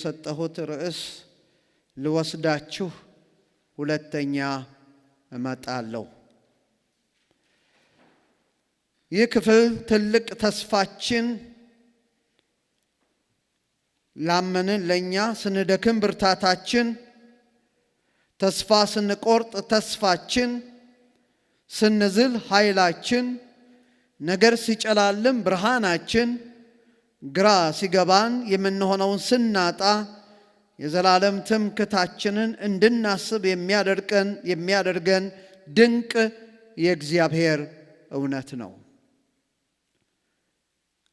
የሰጠሁት ርዕስ ልወስዳችሁ ሁለተኛ እመጣለሁ። ይህ ክፍል ትልቅ ተስፋችን ላመንን ለእኛ ስንደክም ብርታታችን፣ ተስፋ ስንቆርጥ ተስፋችን፣ ስንዝል ኃይላችን፣ ነገር ሲጨላልም ብርሃናችን ግራ ሲገባን የምንሆነውን ስናጣ የዘላለም ትምክታችንን እንድናስብ የሚያደርገን የሚያደርገን ድንቅ የእግዚአብሔር እውነት ነው።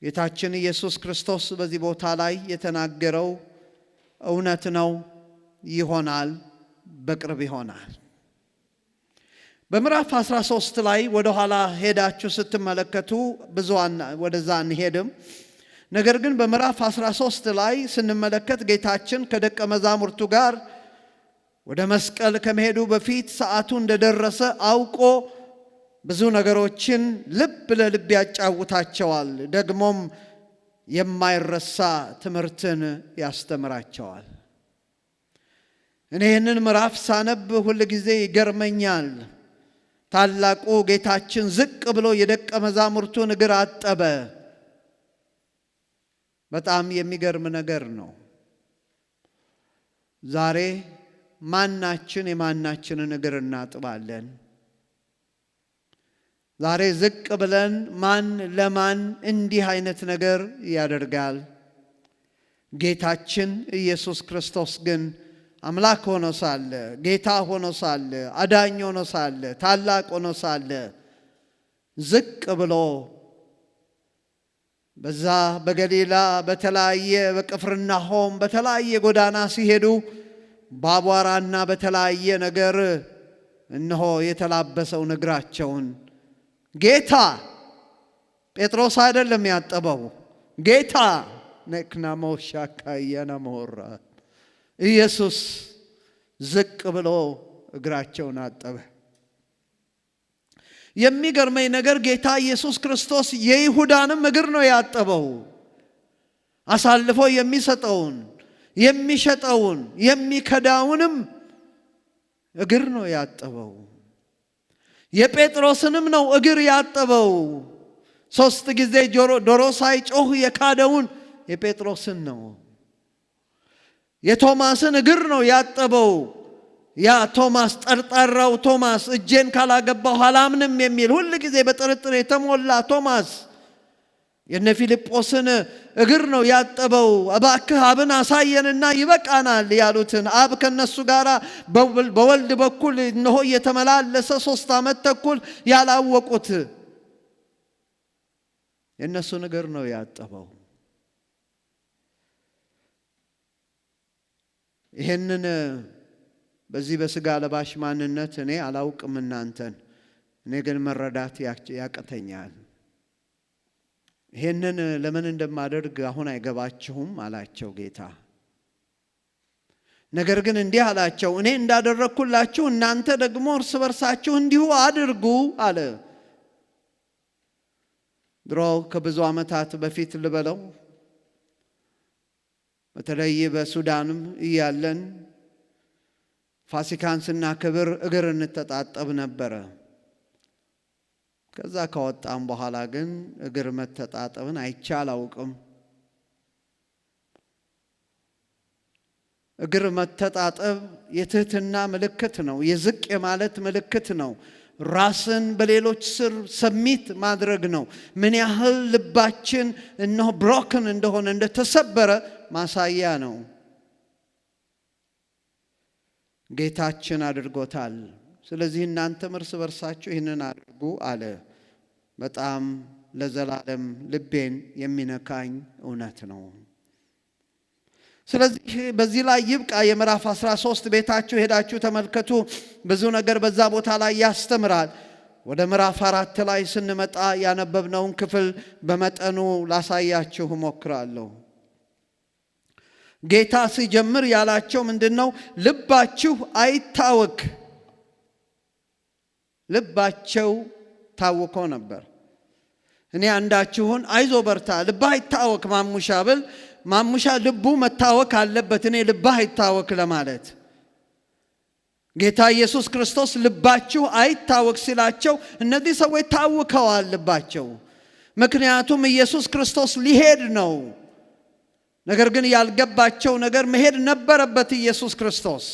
ጌታችን ኢየሱስ ክርስቶስ በዚህ ቦታ ላይ የተናገረው እውነት ነው። ይሆናል፣ በቅርብ ይሆናል። በምዕራፍ 13 ላይ ወደ ኋላ ሄዳችሁ ስትመለከቱ ብዙ ወደዛ አንሄድም። ነገር ግን በምዕራፍ 13 ላይ ስንመለከት ጌታችን ከደቀ መዛሙርቱ ጋር ወደ መስቀል ከመሄዱ በፊት ሰዓቱ እንደደረሰ አውቆ ብዙ ነገሮችን ልብ ለልብ ያጫውታቸዋል። ደግሞም የማይረሳ ትምህርትን ያስተምራቸዋል። እኔ ይህንን ምዕራፍ ሳነብ ሁል ጊዜ ይገርመኛል። ታላቁ ጌታችን ዝቅ ብሎ የደቀ መዛሙርቱን እግር አጠበ። በጣም የሚገርም ነገር ነው። ዛሬ ማናችን የማናችንን እግር እናጥባለን? ዛሬ ዝቅ ብለን ማን ለማን እንዲህ አይነት ነገር ያደርጋል? ጌታችን ኢየሱስ ክርስቶስ ግን አምላክ ሆኖ ሳለ፣ ጌታ ሆኖ ሳለ፣ አዳኝ ሆኖ ሳለ፣ ታላቅ ሆኖ ሳለ ዝቅ ብሎ በዛ በገሊላ በተለያየ በቅፍርናሆም በተለያየ ጎዳና ሲሄዱ በአቧራና በተለያየ ነገር እነሆ የተላበሰው እግራቸውን ጌታ ጴጥሮስ አይደለም ያጠበው ጌታ ነክናሞሻካየነሞራ ኢየሱስ ዝቅ ብሎ እግራቸውን አጠበ። የሚገርመኝ ነገር ጌታ ኢየሱስ ክርስቶስ የይሁዳንም እግር ነው ያጠበው። አሳልፎ የሚሰጠውን የሚሸጠውን የሚከዳውንም እግር ነው ያጠበው። የጴጥሮስንም ነው እግር ያጠበው። ሶስት ጊዜ ዶሮ ሳይጮህ የካደውን የጴጥሮስን ነው። የቶማስን እግር ነው ያጠበው። ያ ቶማስ ጠርጣራው ቶማስ እጄን ካላገባሁ አላምንም የሚል ሁል ጊዜ በጥርጥር የተሞላ ቶማስ የነ ፊልጶስን እግር ነው ያጠበው። እባክህ አብን አሳየንና ይበቃናል ያሉትን አብ ከነሱ ጋር በወልድ በኩል እነሆ እየተመላለሰ ሶስት ዓመት ተኩል ያላወቁት የእነሱን እግር ነው ያጠበው። ይህንን በዚህ በስጋ ለባሽ ማንነት እኔ አላውቅም እናንተን፣ እኔ ግን መረዳት ያቅተኛል። ይህንን ለምን እንደማደርግ አሁን አይገባችሁም አላቸው ጌታ። ነገር ግን እንዲህ አላቸው፣ እኔ እንዳደረግኩላችሁ እናንተ ደግሞ እርስ በርሳችሁ እንዲሁ አድርጉ አለ። ድሮ ከብዙ ዓመታት በፊት ልበለው በተለይ በሱዳንም እያለን ፋሲካን ስናከብር እግር እንተጣጠብ ነበረ። ከዛ ከወጣም በኋላ ግን እግር መተጣጠብን አይቼ አላውቅም። እግር መተጣጠብ የትህትና ምልክት ነው። የዝቅ የማለት ምልክት ነው። ራስን በሌሎች ስር ሰሚት ማድረግ ነው። ምን ያህል ልባችን እነሆ ብሮክን እንደሆነ እንደተሰበረ ማሳያ ነው። ጌታችን አድርጎታል። ስለዚህ እናንተም እርስ በርሳችሁ ይህንን አድርጉ አለ። በጣም ለዘላለም ልቤን የሚነካኝ እውነት ነው። ስለዚህ በዚህ ላይ ይብቃ። የምዕራፍ 13 ቤታችሁ ሄዳችሁ ተመልከቱ። ብዙ ነገር በዛ ቦታ ላይ ያስተምራል። ወደ ምዕራፍ አራት ላይ ስንመጣ ያነበብነውን ክፍል በመጠኑ ላሳያችሁ እሞክራለሁ። ጌታ ሲጀምር ያላቸው ምንድን ነው? ልባችሁ አይታወክ። ልባቸው ታውኮ ነበር። እኔ አንዳችሁን አይዞ በርታ፣ ልባ አይታወክ ማሙሻ ብል ማሙሻ ልቡ መታወክ አለበት፣ እኔ ልባ አይታወክ ለማለት ጌታ ኢየሱስ ክርስቶስ ልባችሁ አይታወክ ሲላቸው እነዚህ ሰዎች ታውከዋል ልባቸው። ምክንያቱም ኢየሱስ ክርስቶስ ሊሄድ ነው ነገር ግን ያልገባቸው ነገር መሄድ ነበረበት። ኢየሱስ ክርስቶስ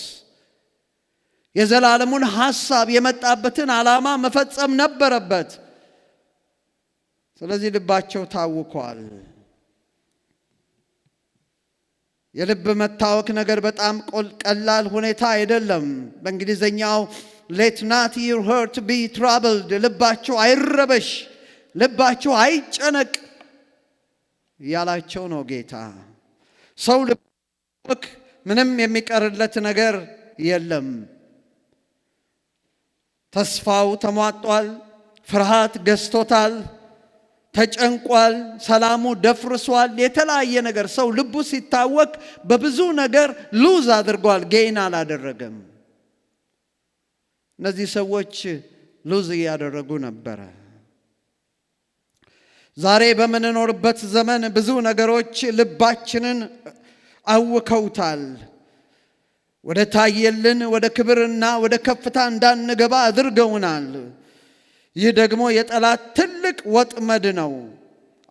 የዘላለሙን ሐሳብ የመጣበትን ዓላማ መፈጸም ነበረበት። ስለዚህ ልባቸው ታውኳል። የልብ መታወክ ነገር በጣም ቀላል ሁኔታ አይደለም። በእንግሊዝኛው ሌት ናት ዩር ሀርት ቢ ትራብልድ፣ ልባቸው አይረበሽ፣ ልባቸው አይጨነቅ ያላቸው ነው ጌታ ሰው ልክ ምንም የሚቀርለት ነገር የለም። ተስፋው ተሟጧል። ፍርሃት ገዝቶታል። ተጨንቋል። ሰላሙ ደፍርሷል። የተለያየ ነገር ሰው ልቡ ሲታወቅ በብዙ ነገር ሉዝ አድርጓል፣ ጌን አላደረገም። እነዚህ ሰዎች ሉዝ እያደረጉ ነበረ። ዛሬ በምንኖርበት ዘመን ብዙ ነገሮች ልባችንን አውከውታል። ወደ ታየልን ወደ ክብርና ወደ ከፍታ እንዳንገባ አድርገውናል። ይህ ደግሞ የጠላት ትልቅ ወጥመድ ነው።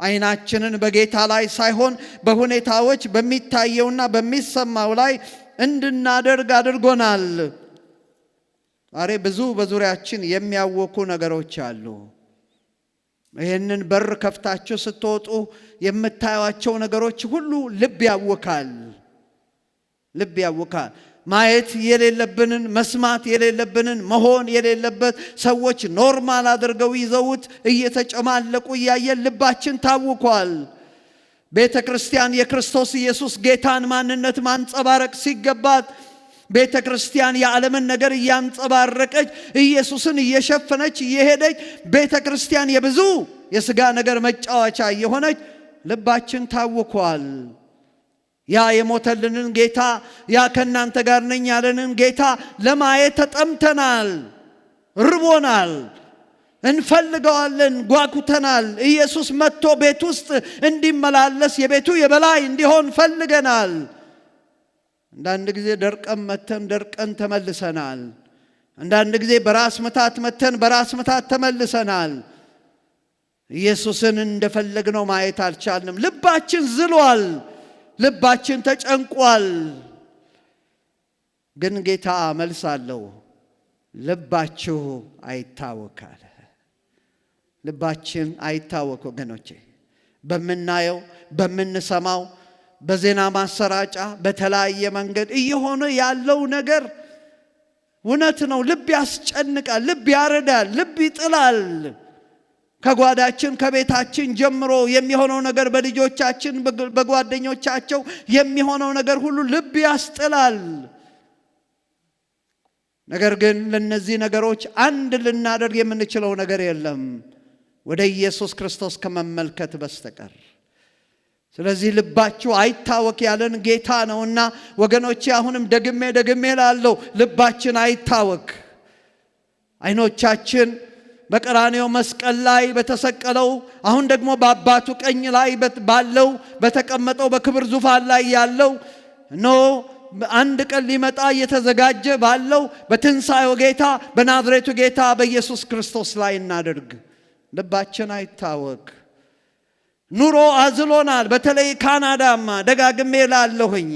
ዓይናችንን በጌታ ላይ ሳይሆን በሁኔታዎች በሚታየውና በሚሰማው ላይ እንድናደርግ አድርጎናል። ዛሬ ብዙ በዙሪያችን የሚያወኩ ነገሮች አሉ። ይህንን በር ከፍታችሁ ስትወጡ የምታዩቸው ነገሮች ሁሉ ልብ ያውካል። ልብ ያውካል። ማየት የሌለብንን መስማት የሌለብንን መሆን የሌለበት ሰዎች ኖርማል አድርገው ይዘውት እየተጨማለቁ እያየን ልባችን ታውኳል። ቤተ ክርስቲያን የክርስቶስ ኢየሱስ ጌታን ማንነት ማንጸባረቅ ሲገባት ቤተ ክርስቲያን የዓለምን ነገር እያንጸባረቀች ኢየሱስን እየሸፈነች እየሄደች ቤተ ክርስቲያን የብዙ የሥጋ ነገር መጫወቻ እየሆነች ልባችን ታውኳል። ያ የሞተልንን ጌታ ያ ከእናንተ ጋር ነኝ ያለንን ጌታ ለማየት ተጠምተናል፣ ርቦናል፣ እንፈልገዋለን፣ ጓጉተናል። ኢየሱስ መጥቶ ቤት ውስጥ እንዲመላለስ የቤቱ የበላይ እንዲሆን ፈልገናል። አንዳንድ ጊዜ ደርቀን መተን ደርቀን ተመልሰናል። አንዳንድ ጊዜ በራስ ምታት መተን በራስ ምታት ተመልሰናል። ኢየሱስን እንደፈለግነው ማየት አልቻልንም። ልባችን ዝሏል። ልባችን ተጨንቋል። ግን ጌታ መልስ አለው። ልባችሁ አይታወካል። ልባችን አይታወክ ወገኖቼ፣ በምናየው በምንሰማው በዜና ማሰራጫ በተለያየ መንገድ እየሆነ ያለው ነገር እውነት ነው። ልብ ያስጨንቃል፣ ልብ ያረዳል፣ ልብ ይጥላል። ከጓዳችን ከቤታችን ጀምሮ የሚሆነው ነገር በልጆቻችን፣ በጓደኞቻቸው የሚሆነው ነገር ሁሉ ልብ ያስጥላል። ነገር ግን ለእነዚህ ነገሮች አንድ ልናደርግ የምንችለው ነገር የለም ወደ ኢየሱስ ክርስቶስ ከመመልከት በስተቀር ስለዚህ ልባችሁ አይታወክ ያለን ጌታ ነውና ወገኖቼ፣ አሁንም ደግሜ ደግሜ ላለው ልባችን አይታወክ። አይኖቻችን በቀራኔው መስቀል ላይ በተሰቀለው አሁን ደግሞ በአባቱ ቀኝ ላይ ባለው በተቀመጠው በክብር ዙፋን ላይ ያለው ኖ አንድ ቀን ሊመጣ እየተዘጋጀ ባለው በትንሣኤው ጌታ በናዝሬቱ ጌታ በኢየሱስ ክርስቶስ ላይ እናደርግ። ልባችን አይታወክ። ኑሮ አዝሎናል። በተለይ ካናዳማ ደጋግሜ ላለሁኝ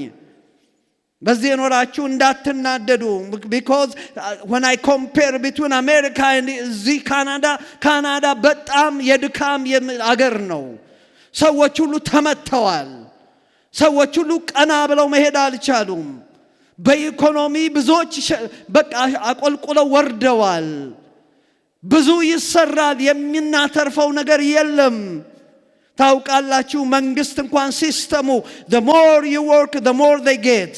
በዚህ የኖራችሁ እንዳትናደዱ። ቢኮዝ ወን አይ ኮምፔር ቢትዊን አሜሪካ እዚህ ካናዳ ካናዳ በጣም የድካም አገር ነው። ሰዎች ሁሉ ተመተዋል። ሰዎች ሁሉ ቀና ብለው መሄድ አልቻሉም። በኢኮኖሚ ብዙዎች በቃ አቆልቁለው ወርደዋል። ብዙ ይሰራል፣ የሚናተርፈው ነገር የለም። ታውቃላችሁ፣ መንግስት እንኳን ሲስተሙ ዘ ሞር ዩ ወርክ ዘ ሞር ዜይ ጌት።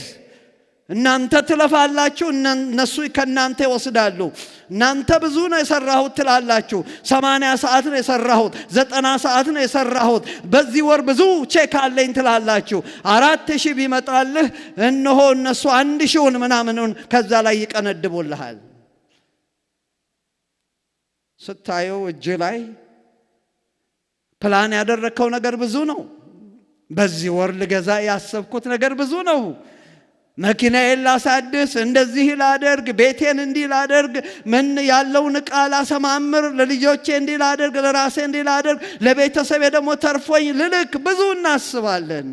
እናንተ ትለፋላችሁ፣ እነሱ ከእናንተ ይወስዳሉ። እናንተ ብዙ ነው የሰራሁት ትላላችሁ። ሰማንያ ሰዓት ነው የሰራሁት፣ ዘጠና ሰዓት ነው የሰራሁት፣ በዚህ ወር ብዙ ቼክ አለኝ ትላላችሁ። አራት ሺህ ቢመጣልህ እነሆ እነሱ አንድ ሺውን ምናምኑን ከዛ ላይ ይቀነድቡልሃል። ስታየው እጅ ላይ ፕላን ያደረግከው ነገር ብዙ ነው። በዚህ ወር ልገዛ ያሰብኩት ነገር ብዙ ነው። መኪናዬን ላሳድስ፣ እንደዚህ ላደርግ፣ ቤቴን እንዲህ ላደርግ፣ ምን ያለውን ዕቃ ላሰማምር፣ ለልጆቼ እንዲህ ላደርግ፣ ለራሴ እንዲህ ላደርግ፣ ለቤተሰቤ ደግሞ ተርፎኝ ልልክ፣ ብዙ እናስባለን።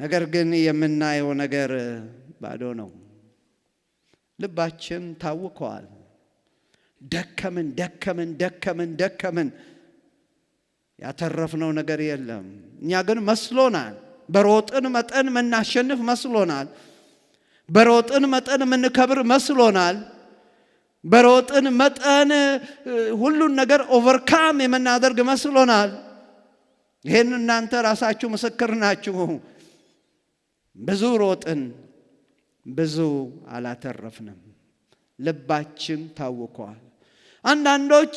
ነገር ግን የምናየው ነገር ባዶ ነው። ልባችን ታውከዋል። ደከምን፣ ደከምን፣ ደከምን፣ ደከምን። ያተረፍነው ነገር የለም። እኛ ግን መስሎናል። በሮጥን መጠን የምናሸንፍ መስሎናል። በሮጥን መጠን የምንከብር መስሎናል። በሮጥን መጠን ሁሉን ነገር ኦቨርካም የምናደርግ መስሎናል። ይህን እናንተ ራሳችሁ ምስክር ናችሁ። ብዙ ሮጥን፣ ብዙ አላተረፍንም። ልባችን ታውኳል። አንዳንዶች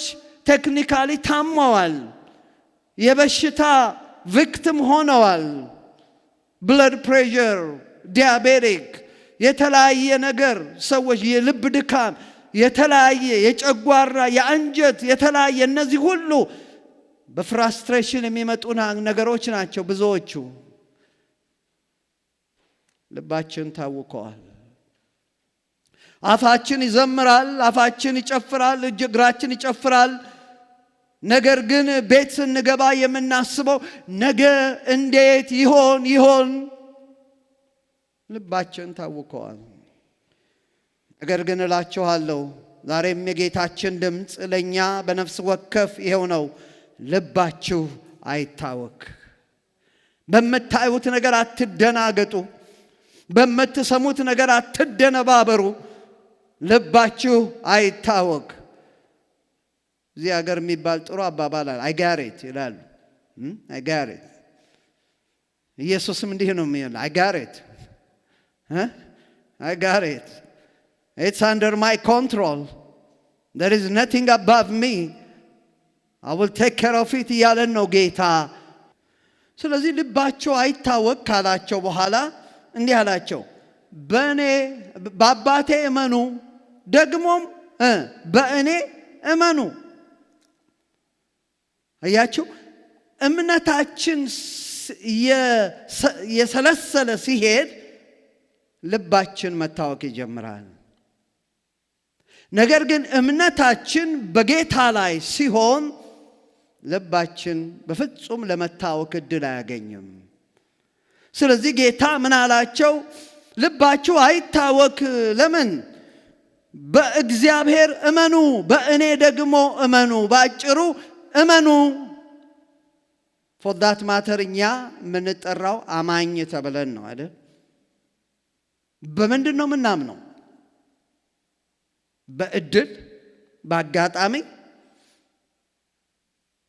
ቴክኒካሊ ታመዋል። የበሽታ ቪክትም ሆነዋል። ብለድ ፕሬዠር፣ ዲያቤቲክ፣ የተለያየ ነገር ሰዎች የልብ ድካም፣ የተለያየ የጨጓራ፣ የአንጀት፣ የተለያየ እነዚህ ሁሉ በፍራስትሬሽን የሚመጡ ነገሮች ናቸው። ብዙዎቹ ልባችን ታውከዋል። አፋችን ይዘምራል፣ አፋችን ይጨፍራል፣ እጅ እግራችን ይጨፍራል። ነገር ግን ቤት ስንገባ የምናስበው ነገ እንዴት ይሆን ይሆን? ልባችን ታውከዋል። ነገር ግን እላችኋለሁ ዛሬም የጌታችን ድምፅ ለእኛ በነፍስ ወከፍ ይኸው ነው፣ ልባችሁ አይታወክ። በምታዩት ነገር አትደናገጡ፣ በምትሰሙት ነገር አትደነባበሩ፣ ልባችሁ አይታወክ። እዚህ ሀገር የሚባል ጥሩ አባባል አለ። አይጋሬት ይላሉ። አይጋሬት hmm? ኢየሱስም እንዲህ ነው የሚል አይጋሬት አይጋሬት ኢትስ አንደር ማይ ኮንትሮል ዜር ኢዝ ነቲንግ አባቭ ሚ አይ ዊል ቴክ ኬር ኦፍ ኢት እያለን ነው ጌታ። ስለዚህ ልባቸው አይታወቅ ካላቸው በኋላ እንዲህ አላቸው፣ በእኔ በአባቴ እመኑ፣ ደግሞም በእኔ እመኑ አያችሁ እምነታችን የሰለሰለ ሲሄድ ልባችን መታወክ ይጀምራል። ነገር ግን እምነታችን በጌታ ላይ ሲሆን ልባችን በፍጹም ለመታወክ እድል አያገኝም። ስለዚህ ጌታ ምን አላቸው? ልባችሁ አይታወክ። ለምን? በእግዚአብሔር እመኑ፣ በእኔ ደግሞ እመኑ። በአጭሩ እመኑ። ፎዳት ማተር እኛ የምንጠራው አማኝ ተብለን ነው አይደል? በምንድን ነው የምናምነው? በእድል በአጋጣሚ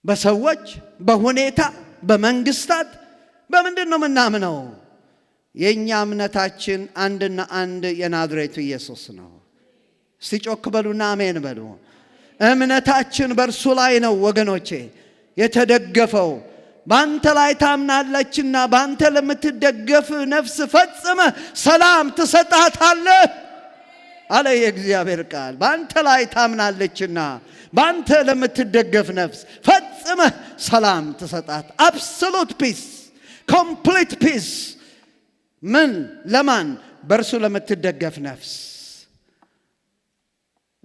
በሰዎች በሁኔታ በመንግስታት በምንድን ነው የምናምነው? የእኛ እምነታችን አንድና አንድ የናዝሬቱ ኢየሱስ ነው። እስቲ ጮክ በሉና አሜን በሉ። እምነታችን በእርሱ ላይ ነው ወገኖቼ የተደገፈው። ባንተ ላይ ታምናለችና ባንተ ለምትደገፍ ነፍስ ፈጽመ ሰላም ትሰጣታለህ አለ የእግዚአብሔር ቃል። ባንተ ላይ ታምናለችና ባንተ ለምትደገፍ ነፍስ ፈጽመ ሰላም ትሰጣት። አብሶሉት ፒስ፣ ኮምፕሊት ፒስ። ምን ለማን? በእርሱ ለምትደገፍ ነፍስ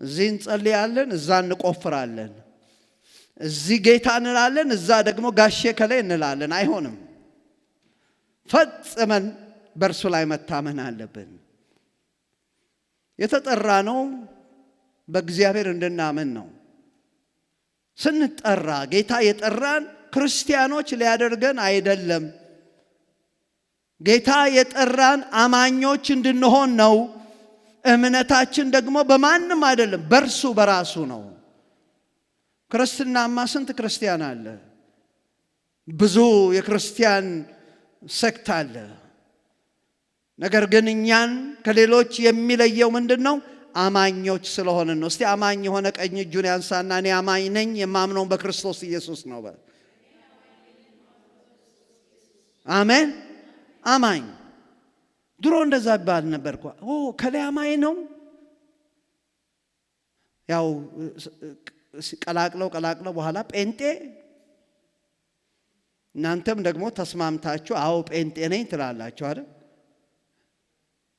እዚህ እንጸልያለን፣ እዛ እንቆፍራለን። እዚህ ጌታ እንላለን፣ እዛ ደግሞ ጋሼ ከላይ እንላለን። አይሆንም። ፈጽመን በእርሱ ላይ መታመን አለብን። የተጠራ ነው በእግዚአብሔር እንድናምን ነው። ስንጠራ ጌታ የጠራን ክርስቲያኖች ሊያደርገን አይደለም። ጌታ የጠራን አማኞች እንድንሆን ነው። እምነታችን ደግሞ በማንም አይደለም፣ በእርሱ በራሱ ነው። ክርስትናማ ስንት ክርስቲያን አለ? ብዙ የክርስቲያን ሰክት አለ። ነገር ግን እኛን ከሌሎች የሚለየው ምንድን ነው? አማኞች ስለሆንን ነው። እስቲ አማኝ የሆነ ቀኝ እጁን ያንሳና እኔ አማኝ ነኝ የማምነውን በክርስቶስ ኢየሱስ ነው አሜን። አማኝ ድሮ እንደዛ ባል ነበር እኮ ከለያማይ ነው። ያው ቀላቅለው ቀላቅለው በኋላ ጴንጤ። እናንተም ደግሞ ተስማምታችሁ አዎ ጴንጤ ነኝ ትላላችሁ አይደል?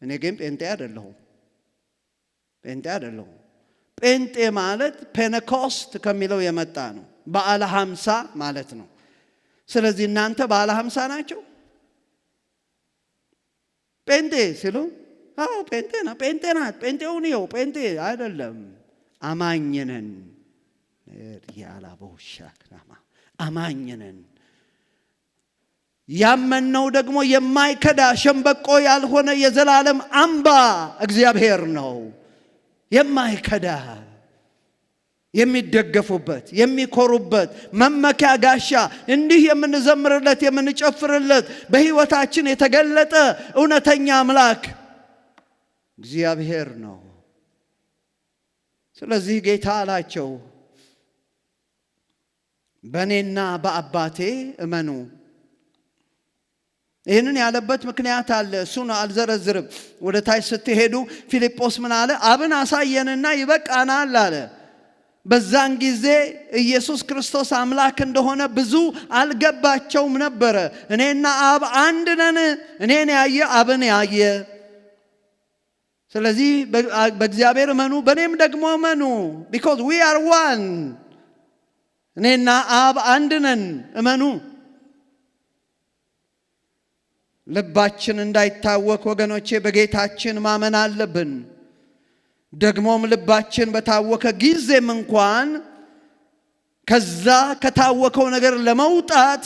እኔ ግን ጴንጤ አይደለሁም። ጴንጤ አይደለሁም። ጴንጤ ማለት ፔነኮስት ከሚለው የመጣ ነው፣ በዓለ ሀምሳ ማለት ነው። ስለዚህ እናንተ በዓለ ሀምሳ ናቸው። ጴንጤ ሲሉ አዎ ጴንጤ ና ጴንጤ ናት፣ ጴንጤውን ይኸው ጴንጤ አይደለም አማኝነን ያላበውሻክናማ አማኝነን ያመነው ደግሞ የማይከዳ ሸንበቆ ያልሆነ የዘላለም አምባ እግዚአብሔር ነው የማይከዳ የሚደገፉበት የሚኮሩበት መመኪያ ጋሻ እንዲህ የምንዘምርለት የምንጨፍርለት በሕይወታችን የተገለጠ እውነተኛ አምላክ እግዚአብሔር ነው። ስለዚህ ጌታ አላቸው፣ በእኔና በአባቴ እመኑ። ይህንን ያለበት ምክንያት አለ። እሱን አልዘረዝርም። ወደ ታች ስትሄዱ ፊልጶስ ምን አለ? አብን አሳየንና ይበቃናል አለ። በዛን ጊዜ ኢየሱስ ክርስቶስ አምላክ እንደሆነ ብዙ አልገባቸውም ነበረ። እኔና አብ አንድ ነን፣ እኔን ያየ አብን ያየ። ስለዚህ በእግዚአብሔር እመኑ፣ በእኔም ደግሞ እመኑ። ቢኮዝ ዊ አር ዋን። እኔና አብ አንድ ነን፣ እመኑ። ልባችን እንዳይታወክ ወገኖቼ በጌታችን ማመን አለብን። ደግሞም ልባችን በታወከ ጊዜም እንኳን ከዛ ከታወከው ነገር ለመውጣት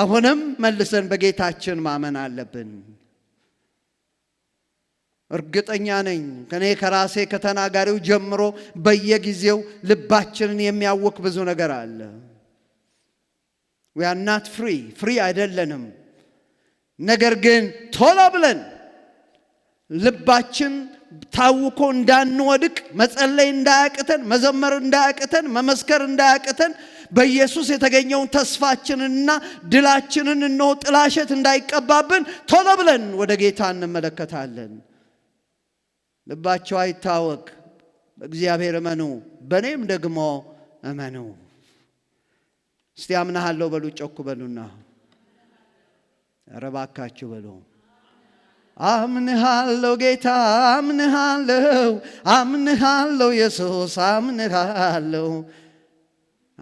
አሁንም መልሰን በጌታችን ማመን አለብን። እርግጠኛ ነኝ ከኔ ከራሴ ከተናጋሪው ጀምሮ በየጊዜው ልባችንን የሚያውክ ብዙ ነገር አለ። ዊ አር ናት ፍሪ ፍሪ አይደለንም። ነገር ግን ቶሎ ብለን ልባችን ታውኮ እንዳንወድቅ መጸለይ እንዳያቅተን፣ መዘመር እንዳያቅተን፣ መመስከር እንዳያቅተን በኢየሱስ የተገኘውን ተስፋችንንና ድላችንን እነሆ ጥላሸት እንዳይቀባብን ቶሎ ብለን ወደ ጌታ እንመለከታለን። ልባቸው አይታወክ፣ በእግዚአብሔር እመኑ፣ በእኔም ደግሞ እመኑ። እስቲ አምናሃለሁ በሉ፣ ጮክ በሉና፣ ረባካችሁ በሉ። አምንሃለው ጌታ አምንሃለው አምንሃለው ኢየሱስ አምንሃለው።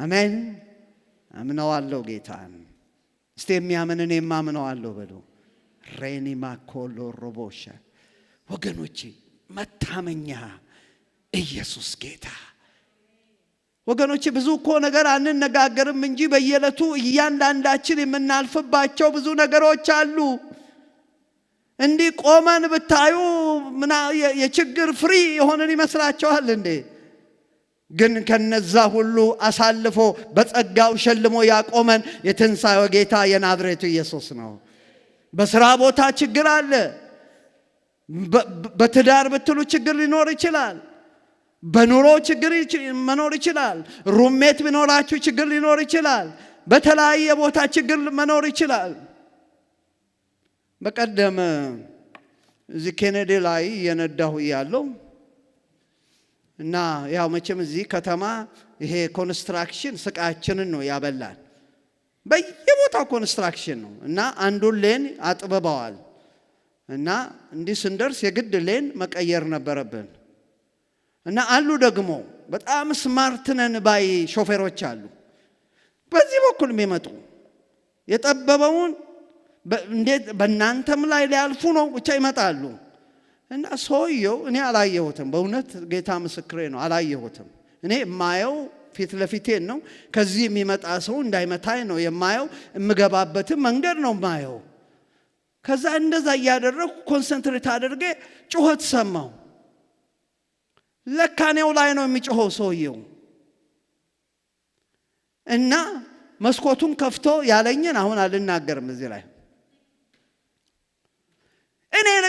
አሜን። አምነዋለው ጌታን። እስቲ የሚያምን እኔም አምነዋለሁ በሉ። ሬኒ ማኮሎ ሮቦሻ ወገኖቼ፣ መታመኛ ኢየሱስ ጌታ። ወገኖቼ ብዙ እኮ ነገር አንነጋገርም እንጂ በየዕለቱ እያንዳንዳችን የምናልፍባቸው ብዙ ነገሮች አሉ። እንዲህ ቆመን ብታዩ ምና የችግር ፍሪ የሆነን ይመስላችኋል እንዴ? ግን ከነዛ ሁሉ አሳልፎ በጸጋው ሸልሞ ያቆመን የትንሣኤው ጌታ የናዝሬቱ ኢየሱስ ነው። በስራ ቦታ ችግር አለ። በትዳር ብትሉ ችግር ሊኖር ይችላል። በኑሮ ችግር መኖር ይችላል። ሩሜት ቢኖራችሁ ችግር ሊኖር ይችላል። በተለያየ ቦታ ችግር መኖር ይችላል። በቀደም እዚህ ኬኔዲ ላይ እየነዳሁ እያለሁ እና ያው መቼም እዚህ ከተማ ይሄ ኮንስትራክሽን ስቃችንን ነው ያበላል። በየቦታው ኮንስትራክሽን ነው እና አንዱን ሌን አጥብበዋል እና እንዲህ ስንደርስ የግድ ሌን መቀየር ነበረብን እና አሉ ደግሞ በጣም ስማርት ነን ባይ ሾፌሮች አሉ፣ በዚህ በኩል የሚመጡ የጠበበውን እንዴት በእናንተም ላይ ሊያልፉ ነው ብቻ ይመጣሉ። እና ሰውየው እኔ አላየሁትም፣ በእውነት ጌታ ምስክሬ ነው፣ አላየሁትም። እኔ የማየው ፊት ለፊቴን ነው። ከዚህ የሚመጣ ሰው እንዳይመታኝ ነው የማየው። የምገባበትም መንገድ ነው የማየው። ከዛ እንደዛ እያደረግ ኮንሰንትሬት አድርጌ ጩኸት ሰማው ለካ ላይ ነው የሚጮኸው ሰውየው እና መስኮቱን ከፍቶ ያለኝን አሁን አልናገርም እዚህ ላይ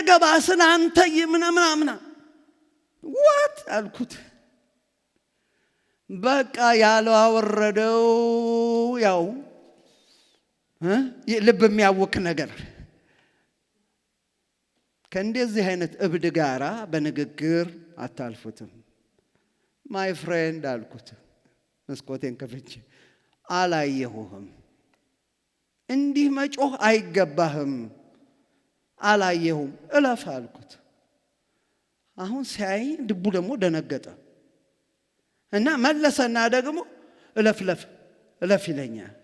ገባስን አንተ ምናምና ዋት አልኩት። በቃ ያለው አወረደው። ያው ልብ የሚያውክ ነገር ከእንደዚህ አይነት እብድ ጋራ በንግግር አታልፉትም። ማይ ፍሬንድ አልኩት፣ መስኮቴን ከፍቼ አላየሁህም። እንዲህ መጮህ አይገባህም። አላየሁም እለፍ አልኩት። አሁን ሲያይ ልቡ ደግሞ ደነገጠ እና መለሰና ደግሞ እለፍ ለፍ እለፍ ይለኛል።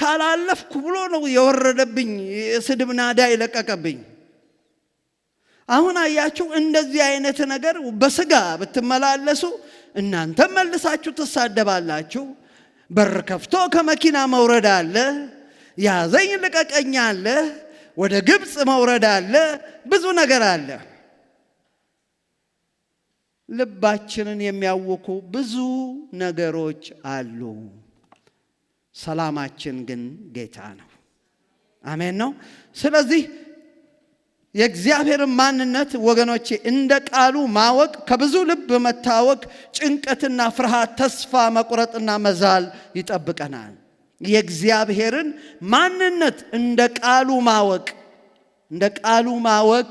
ካላለፍኩ ብሎ ነው የወረደብኝ። ስድብ ናዳ የለቀቀብኝ። አሁን አያችሁ፣ እንደዚህ አይነት ነገር በስጋ ብትመላለሱ እናንተ መልሳችሁ ትሳደባላችሁ። በር ከፍቶ ከመኪና መውረድ አለ፣ ያዘኝ ልቀቀኝ አለ። ወደ ግብፅ መውረድ አለ፣ ብዙ ነገር አለ። ልባችንን የሚያውኩ ብዙ ነገሮች አሉ። ሰላማችን ግን ጌታ ነው። አሜን ነው። ስለዚህ የእግዚአብሔር ማንነት ወገኖቼ እንደ ቃሉ ማወቅ ከብዙ ልብ መታወቅ፣ ጭንቀትና ፍርሃት፣ ተስፋ መቁረጥና መዛል ይጠብቀናል። የእግዚአብሔርን ማንነት እንደ ቃሉ ማወቅ እንደ ቃሉ ማወቅ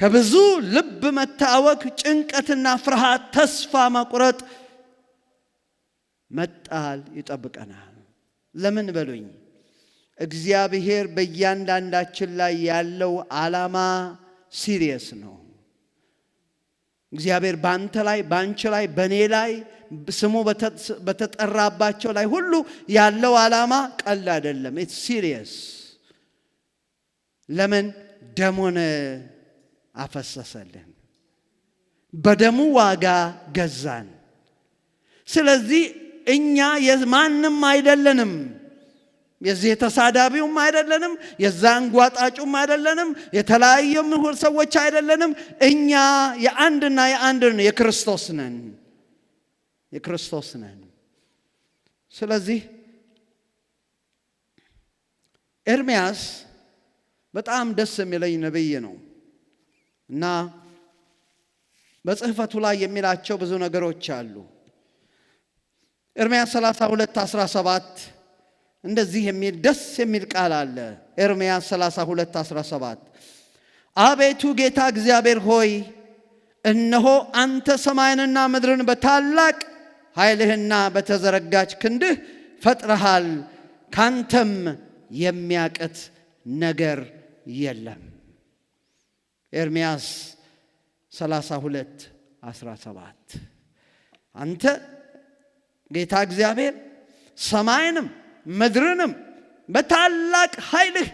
ከብዙ ልብ መታወክ፣ ጭንቀትና ፍርሃት፣ ተስፋ መቁረጥ መጣል ይጠብቀናል። ለምን በሉኝ፣ እግዚአብሔር በእያንዳንዳችን ላይ ያለው ዓላማ ሲሪየስ ነው። እግዚአብሔር ባንተ ላይ፣ ባንቺ ላይ፣ በእኔ ላይ ስሙ በተጠራባቸው ላይ ሁሉ ያለው ዓላማ ቀል አይደለም። ኢትስ ሲሪየስ። ለምን ደሙን አፈሰሰልን? በደሙ ዋጋ ገዛን። ስለዚህ እኛ የማንም አይደለንም። የዚህ የተሳዳቢውም አይደለንም፣ የዛ አንጓጣጩም አይደለንም፣ የተለያየ ምሁር ሰዎች አይደለንም። እኛ የአንድና የአንድ የክርስቶስ ነን። የክርስቶስ ነን። ስለዚህ ኤርሚያስ በጣም ደስ የሚለኝ ነብይ ነው እና በጽህፈቱ ላይ የሚላቸው ብዙ ነገሮች አሉ። ኤርሚያስ 32 17 እንደዚህ የሚል ደስ የሚል ቃል አለ። ኤርሚያስ 32 17 አቤቱ ጌታ እግዚአብሔር ሆይ እነሆ አንተ ሰማይንና ምድርን በታላቅ ኃይልህና በተዘረጋች ክንድህ ፈጥረሃል፣ ካንተም የሚያቅት ነገር የለም። ኤርምያስ 32 17 አንተ ጌታ እግዚአብሔር ሰማይንም ምድርንም በታላቅ ኃይልህ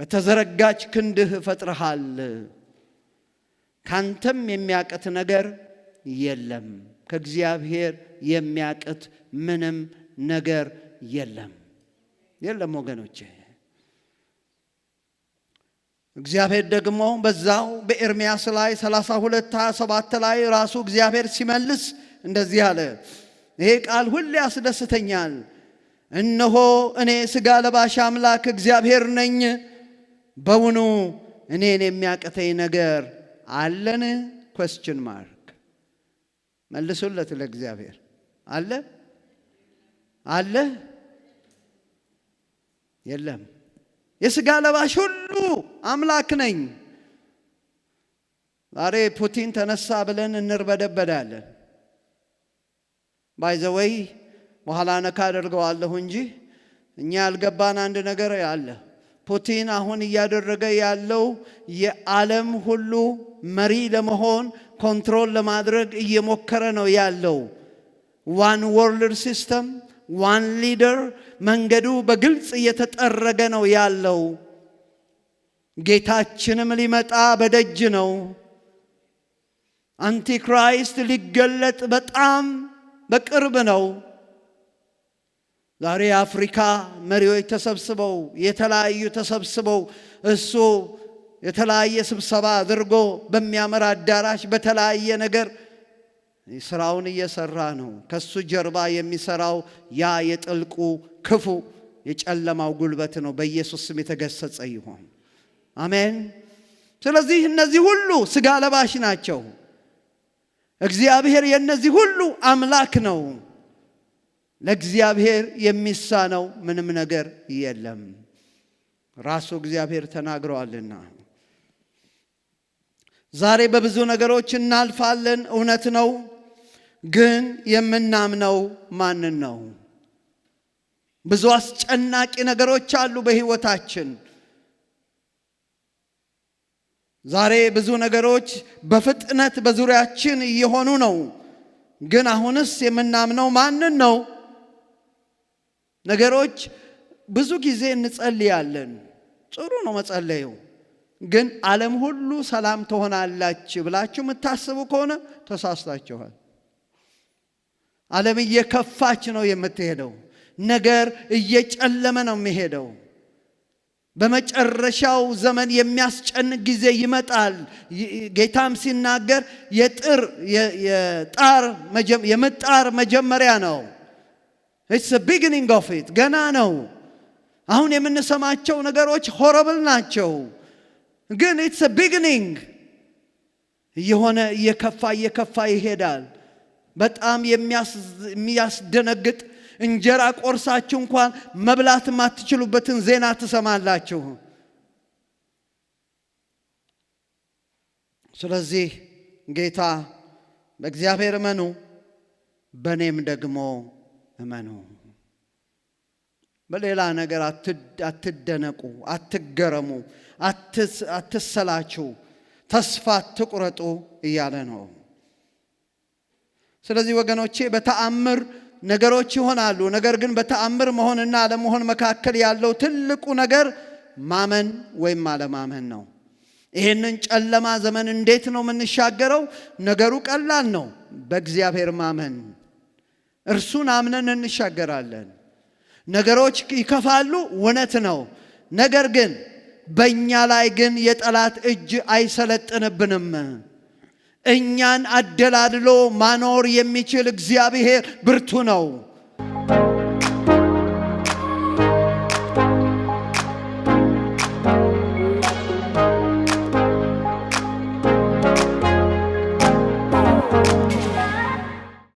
በተዘረጋች ክንድህ ፈጥረሃል፣ ካንተም የሚያቀት ነገር የለም። ከእግዚአብሔር የሚያቅት ምንም ነገር የለም የለም ወገኖቼ። እግዚአብሔር ደግሞ በዛው በኤርምያስ ላይ 32 27 ላይ ራሱ እግዚአብሔር ሲመልስ እንደዚህ አለ። ይሄ ቃል ሁሌ ያስደስተኛል። እነሆ እኔ ስጋ ለባሽ አምላክ እግዚአብሔር ነኝ፣ በውኑ እኔን የሚያቅተኝ ነገር አለን? ኮስችን ማር መልሱለት ለእግዚአብሔር። አለ አለ የለም። የስጋ ለባሽ ሁሉ አምላክ ነኝ። ዛሬ ፑቲን ተነሳ ብለን እንርበደበዳለን። ባይዘወይ በኋላ ነካ አደርገዋለሁ እንጂ እኛ ያልገባን አንድ ነገር አለ። ፑቲን አሁን እያደረገ ያለው የዓለም ሁሉ መሪ ለመሆን ኮንትሮል ለማድረግ እየሞከረ ነው ያለው። ዋን ወርልድ ሲስተም ዋን ሊደር መንገዱ በግልጽ እየተጠረገ ነው ያለው። ጌታችንም ሊመጣ በደጅ ነው። አንቲክራይስት ሊገለጥ በጣም በቅርብ ነው። ዛሬ የአፍሪካ መሪዎች ተሰብስበው የተለያዩ ተሰብስበው እሱ የተለያየ ስብሰባ አድርጎ በሚያምር አዳራሽ በተለያየ ነገር ስራውን እየሰራ ነው። ከሱ ጀርባ የሚሰራው ያ የጥልቁ ክፉ የጨለማው ጉልበት ነው። በኢየሱስ ስም የተገሰጸ ይሆን፣ አሜን። ስለዚህ እነዚህ ሁሉ ስጋ ለባሽ ናቸው። እግዚአብሔር የእነዚህ ሁሉ አምላክ ነው። ለእግዚአብሔር የሚሳነው ምንም ነገር የለም። ራሱ እግዚአብሔር ተናግረዋልና ዛሬ በብዙ ነገሮች እናልፋለን፣ እውነት ነው። ግን የምናምነው ማንን ነው? ብዙ አስጨናቂ ነገሮች አሉ በሕይወታችን። ዛሬ ብዙ ነገሮች በፍጥነት በዙሪያችን እየሆኑ ነው። ግን አሁንስ የምናምነው ማንን ነው? ነገሮች ብዙ ጊዜ እንጸልያለን። ጥሩ ነው መጸለየው ግን ዓለም ሁሉ ሰላም ትሆናላችሁ ብላችሁ የምታስቡ ከሆነ ተሳስታችኋል። ዓለም እየከፋች ነው የምትሄደው። ነገር እየጨለመ ነው የሚሄደው። በመጨረሻው ዘመን የሚያስጨንቅ ጊዜ ይመጣል። ጌታም ሲናገር የጥር የምጣር መጀመሪያ ነው። ኢትስ ቢግኒንግ ኦፍ ኢት ገና ነው። አሁን የምንሰማቸው ነገሮች ሆረብል ናቸው። ግን ኢትስ ቢግኒንግ እየሆነ እየከፋ እየከፋ ይሄዳል። በጣም የሚያስደነግጥ እንጀራ ቆርሳችሁ እንኳን መብላት የማትችሉበትን ዜና ትሰማላችሁ። ስለዚህ ጌታ በእግዚአብሔር እመኑ፣ በእኔም ደግሞ እመኑ። በሌላ ነገር አትደነቁ፣ አትገረሙ። አትሰላችሁ፣ ተስፋ አትቁረጡ እያለ ነው። ስለዚህ ወገኖቼ በተአምር ነገሮች ይሆናሉ። ነገር ግን በተአምር መሆንና አለመሆን መካከል ያለው ትልቁ ነገር ማመን ወይም አለማመን ነው። ይህንን ጨለማ ዘመን እንዴት ነው የምንሻገረው? ነገሩ ቀላል ነው። በእግዚአብሔር ማመን እርሱን አምነን እንሻገራለን። ነገሮች ይከፋሉ፣ እውነት ነው። ነገር ግን በእኛ ላይ ግን የጠላት እጅ አይሰለጥንብንም። እኛን አደላድሎ ማኖር የሚችል እግዚአብሔር ብርቱ ነው።